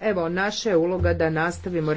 Evo, naša je uloga da nastavimo